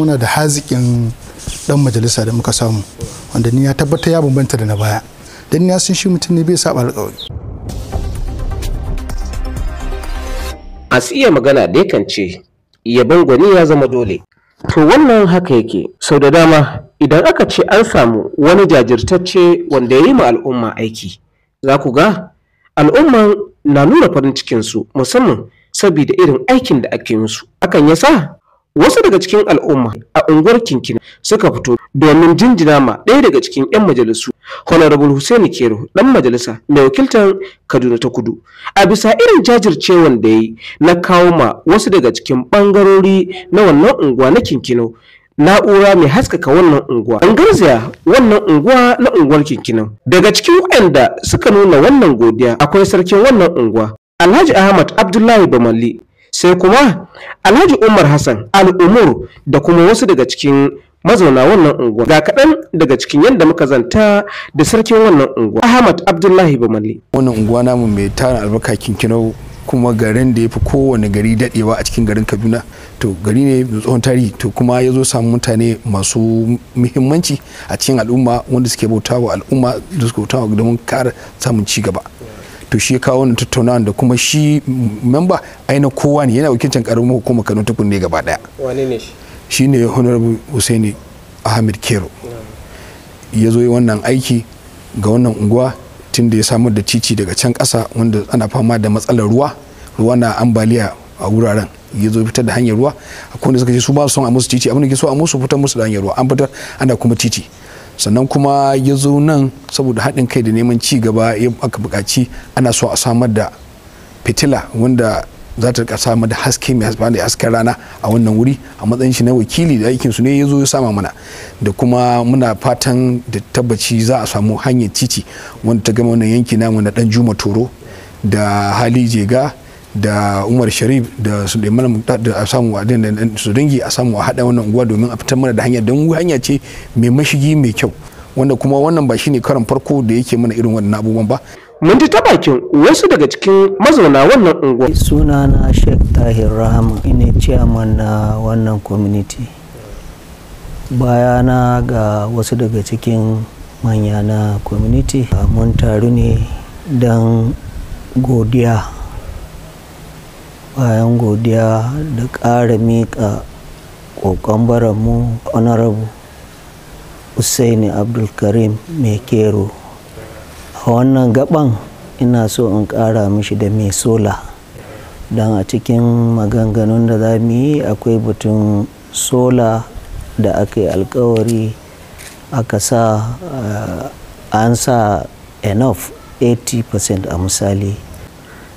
muna da haziƙin dan majalisa da muka samu wanda ni ya tabbata ya bambanta da na baya dan ya sun shi mutum ne bai saba alƙawari a tsiya magana da yakan ce yabon gwani ya zama dole to wannan haka yake sau da dama idan aka ce an samu wani jajirtacce wanda ya yi ma al'umma aiki za ku ga al'umman na nuna farin cikinsu musamman saboda irin aikin da ake musu akan yasa Wasu daga cikin al'umma a unguwar Kinkina suka fito domin jinjina ma ɗaya daga cikin 'yan majalisu Honorable Hussein Kero ɗan majalisa mai wakiltar Kaduna ta Kudu a bisa irin jajircewan da ya yi na kawo ma wasu daga cikin ɓangarori na wannan unguwa na Kinkino na'ura mai haskaka wannan unguwa an garzaya wannan unguwa na unguwar kinkinan daga cikin waɗanda suka nuna wannan godiya akwai sarkin wannan unguwa alhaji ahmad abdullahi bamalli sai kuma alhaji umar hassan al'umur da kuma wasu daga cikin mazauna wannan unguwa ga kaɗan daga cikin yadda muka zanta da sarkin wannan unguwa ahmad abdullahi bamalli wannan unguwa namu mai tara albarka kinkinau kuma garin da ya fi kowane gari dadewa a cikin garin kaduna to gari ne mai tsohon tarihi to kuma ya zo samu mutane masu muhimmanci a cikin al'umma wanda suke bauta wa al'umma da suke bauta wa domin kara samun ci gaba to shi ya kawo wannan tattaunawa da kuma shi memba aina kowa ne yana wakilcin karamin hukumar Kano ta kunne gaba daya shi ne shi honorable Husaini Ahmed Kero ya zo yi wannan aiki ga wannan unguwa tun da ya samar da cici daga can kasa wanda ana fama da matsalar ruwa ruwa na ambaliya a wuraren ya zo fitar da hanyar ruwa akwai wanda suka ce su ba su son a musu cici abin da ke so a musu fitar musu da hanyar ruwa an fitar ana kuma cici sannan kuma ya zo nan saboda haɗin kai da neman ci gaba aka buƙaci ana so a samar da fitila wanda za ta samar da haske mai hasba da hasken rana a wannan wuri a matsayin shi na wakili da aikin su ne ya zo ya sama mana da kuma muna fatan da tabbaci za a samu hanyar titi wanda ta gama wannan yanki namu na dan juma toro da hali jega da umar sharif da su da a samu a su dangi a samu a haɗa wannan unguwa domin a fitar mana da hanya don hanya ce mai mashigi mai kyau wanda kuma wannan ba shine karan farko da yake mana irin wannan abubuwan ba mun ji ta bakin wasu daga cikin mazauna wannan unguwa suna na sheikh tahir rahama ina chairman na wannan community bayana ga wasu daga cikin manya na community mun taru ne don godiya bayan godiya da ƙara miƙa ƙoƙon baranmu honorable Usaini Abdulkarim mai kero A wannan gaban ina so in ƙara mishi da mai sola. Don a cikin maganganun da za mu yi akwai batun sola da aka yi alkawari aka sa eh, an sa enough 80% a misali.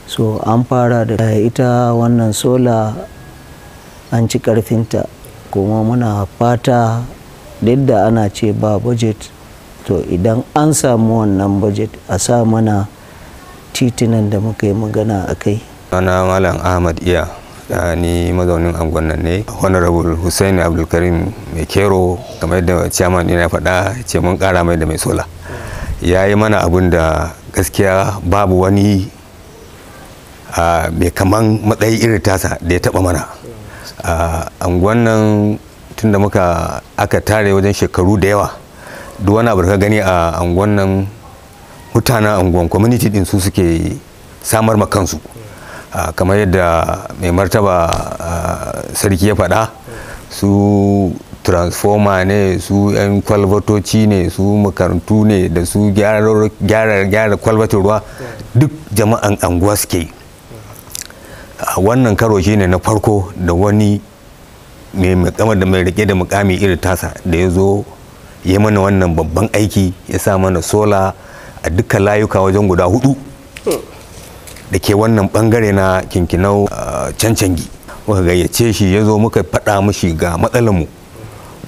so an fara da ita wannan sola an ci karfinta kuma muna fata duk da ana ce ba budget to idan an samu wannan budget a sa mana titinan da muka yi magana a kai ana malam ahmad iya ni mazaunin angon ne honorable hussein abdulkarim mai kero kamar yadda chairman ɗina faɗa ce mun ƙara mai da mai sola ya yi mana abun da gaskiya babu wani mai kaman matsayi irin tasa da ya taba mana a nan tun da muka aka tare wajen shekaru da yawa duk wani abu ka gani a anguwan nan mutanen anguwan community din su suke samar ma kansu kamar yadda mai martaba sarki ya faɗa su transformer ne su 'yan kwalbatoci ne su makarantu ne da su gyara kwalbatin duk jama'an anguwa suke yi wannan karo shi ne na farko da wani mai da mai rike da mukami irin tasa da ya zo ya mana wannan babban aiki ya sa mana sola a dukkan layuka wajen guda hudu da ke wannan bangare na kinkinau cancangi muka gayyace shi ya zo muka faɗa mashi ga mu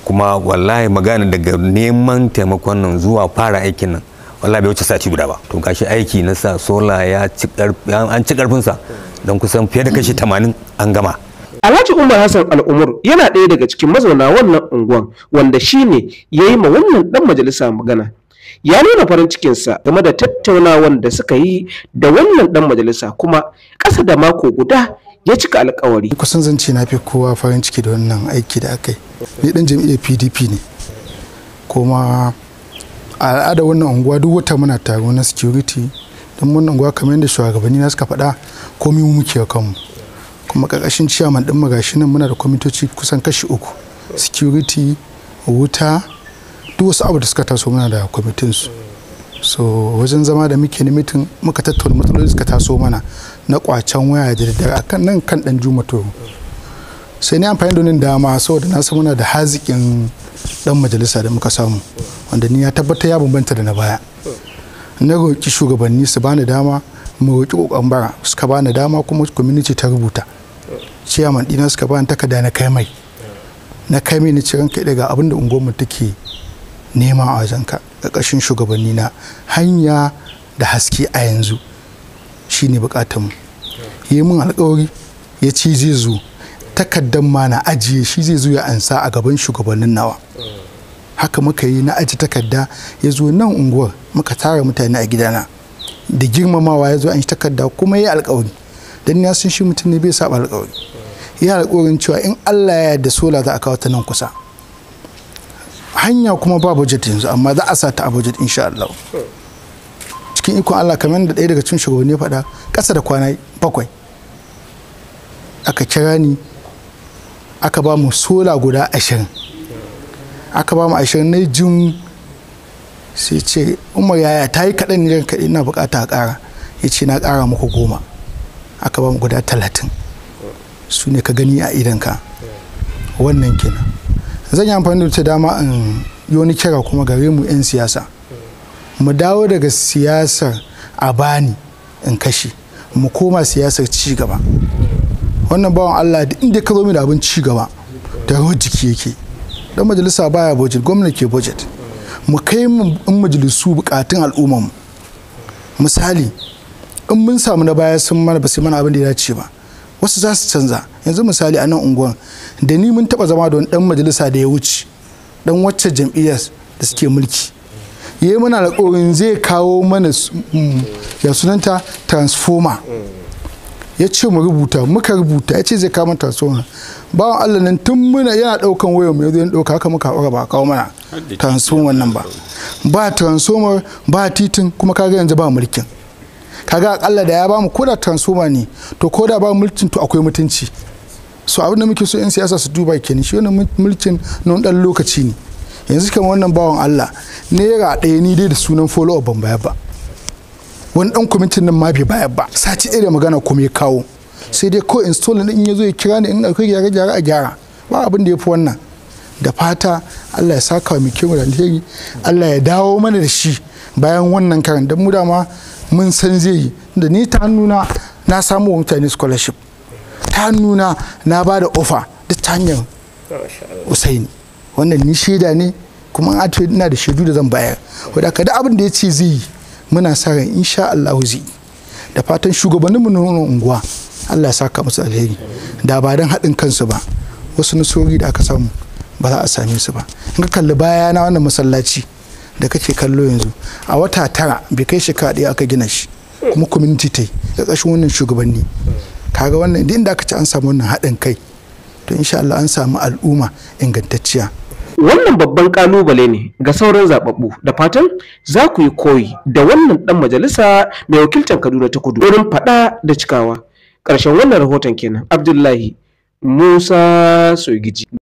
kuma wallahi magana daga neman taimakon nan zuwa fara aikin nan wallahi bai wuce sati guda ba to gashi aiki na sa sola ya ci an ci karfinsa don kusan fiye da kashi 80 an gama Alhaji Umar Hassan Al'umur yana ɗaya daga cikin mazauna wannan unguwan wanda shi ne ya yi ma wannan ɗan majalisa magana. Ya nuna farin cikinsa game da tattaunawan da suka yi da wannan ɗan majalisa kuma ƙasa da mako guda ya cika alkawari. Kusan zance na fi kowa farin ciki da wannan aiki da aka yi. Ni ɗan jam'iyyar PDP ne. Kuma a al'ada wannan unguwa duk wata muna taro na security don mun unguwa kamar yadda shugabanni na suka faɗa komi mu muke kanmu kuma ƙarƙashin ciyaman ɗin magashi nan muna da kwamitoci kusan kashi uku security wuta duk wasu abu da suka taso muna da kwamitinsu so wajen zama da muke ni mitin muka tattauna matsaloli suka taso mana na kwacen waya da daddare akan nan kan dan juma to sai ni amfani da wani dama saboda na san muna da haziƙin dan majalisa da muka samu wanda ni ya tabbata ya bambanta da na baya na roƙi shugabanni su bani dama mu roƙi ƙoƙon bara suka bani dama kuma community ta rubuta chairman dina suka bani takarda na kai mai na kai mai na ciran kai daga abin da unguwarmu take nema a wajen ka ƙarƙashin shugabanni na hanya da haske a yanzu shine buƙatar mu yi mun alƙawari ya ci zai zo takaddan ma na ajiye shi zai zo ya ansa a gaban shugabannin nawa haka muka yi na aji takarda ya zo nan unguwar muka tara mutane a gidana da girmamawa ya zo an shi takarda kuma ya alkawari dan ya sun shi mutum ne bai saba alkawari ya alkawarin cewa in Allah ya yarda sola za a kawo ta nan kusa hanya kuma ba budget yanzu amma za a sa ta a budget insha Allah cikin ikon Allah kamar da ɗaya daga cikin shugabanni ya faɗa ƙasa da kwana bakwai aka kira ni aka ba mu sola guda ashirin aka ba mu ashirin na jin sai ce umar yaya ta yi kaɗan ne kaɗai ina bukata a ƙara ya ce na ƙara muku goma aka ba mu guda talatin su ne ka gani a idanka wannan kenan zan yi amfani da ta dama in yi wani kira kuma gare mu 'yan siyasa mu dawo daga siyasar a bani in kashe mu koma siyasar ci gaba wannan bawan allah inda ka zo da abin ci gaba da rawar jiki yake dan majalisa baya budget gwamna ke budget mu kai mu in majalisu bukatun mu misali in mun samu na baya sun mana ba sai mana abin da ya dace ba wasu za su canza yanzu misali a nan unguwan da ni mun taba zama da wani dan majalisa da ya wuce dan wacce jam'iyyar da suke mulki ya yi mana alƙawarin zai kawo mana mm, ya sunanta transformer ya ce mu rubuta muka rubuta ya ce zai kama ba bawan allah nan tun muna yana daukan wayar mai yanzu dauka haka muka aura ba kawo mana transformer nan ba ba transformer ba titin kuma kaga yanzu ba mulkin kaga akalla da ya bamu koda transformer ne to koda ba mulkin to akwai mutunci so abin da muke so yan siyasa su duba kenan shi wannan mulkin na dan lokaci ne yanzu kamar wannan bawan allah ne naira ɗaya ni dai da sunan follow up ban baya ba wani dan kwamitin nan ma bai bayar ba sati ɗaya da magana kuma ya kawo sai dai ko install din ya zo ya kira ni in akwai gyara gyara a gyara ba abin da ya fi wannan da fata Allah ya saka mu kyau da alheri Allah ya dawo mana da shi bayan wannan karan dan mu dama mun san zai yi da ni ta hannuna na samu wa mutane scholarship ta hannuna na ba da offer duk ta hanyar usaini wannan ni shaida ne kuma an ina da shaidu da zan bayar wadda ka da abin da ya ce zai yi muna sa ran insha Allah zai da fatan shugabanninmu na unguwa Allah ya saka musu alheri da ba don haɗin kansu ba wasu nasori da aka samu ba za a same su ba in ka kalli baya na wannan masallaci da kake kallo yanzu a wata tara bai kai shekara ɗaya aka gina shi kuma community ta yi kashin wannan shugabanni kaga wannan inda aka ci an samu wannan haɗin kai to insha Allah an samu al'umma ingantacciya wannan babban kalubale ne ga sauran zababbu da fatan za ku yi koyi da wannan dan majalisa mai wakiltar kaduna ta kudu wurin faɗa da cikawa ƙarshen wannan rahoton kenan abdullahi musa sogiji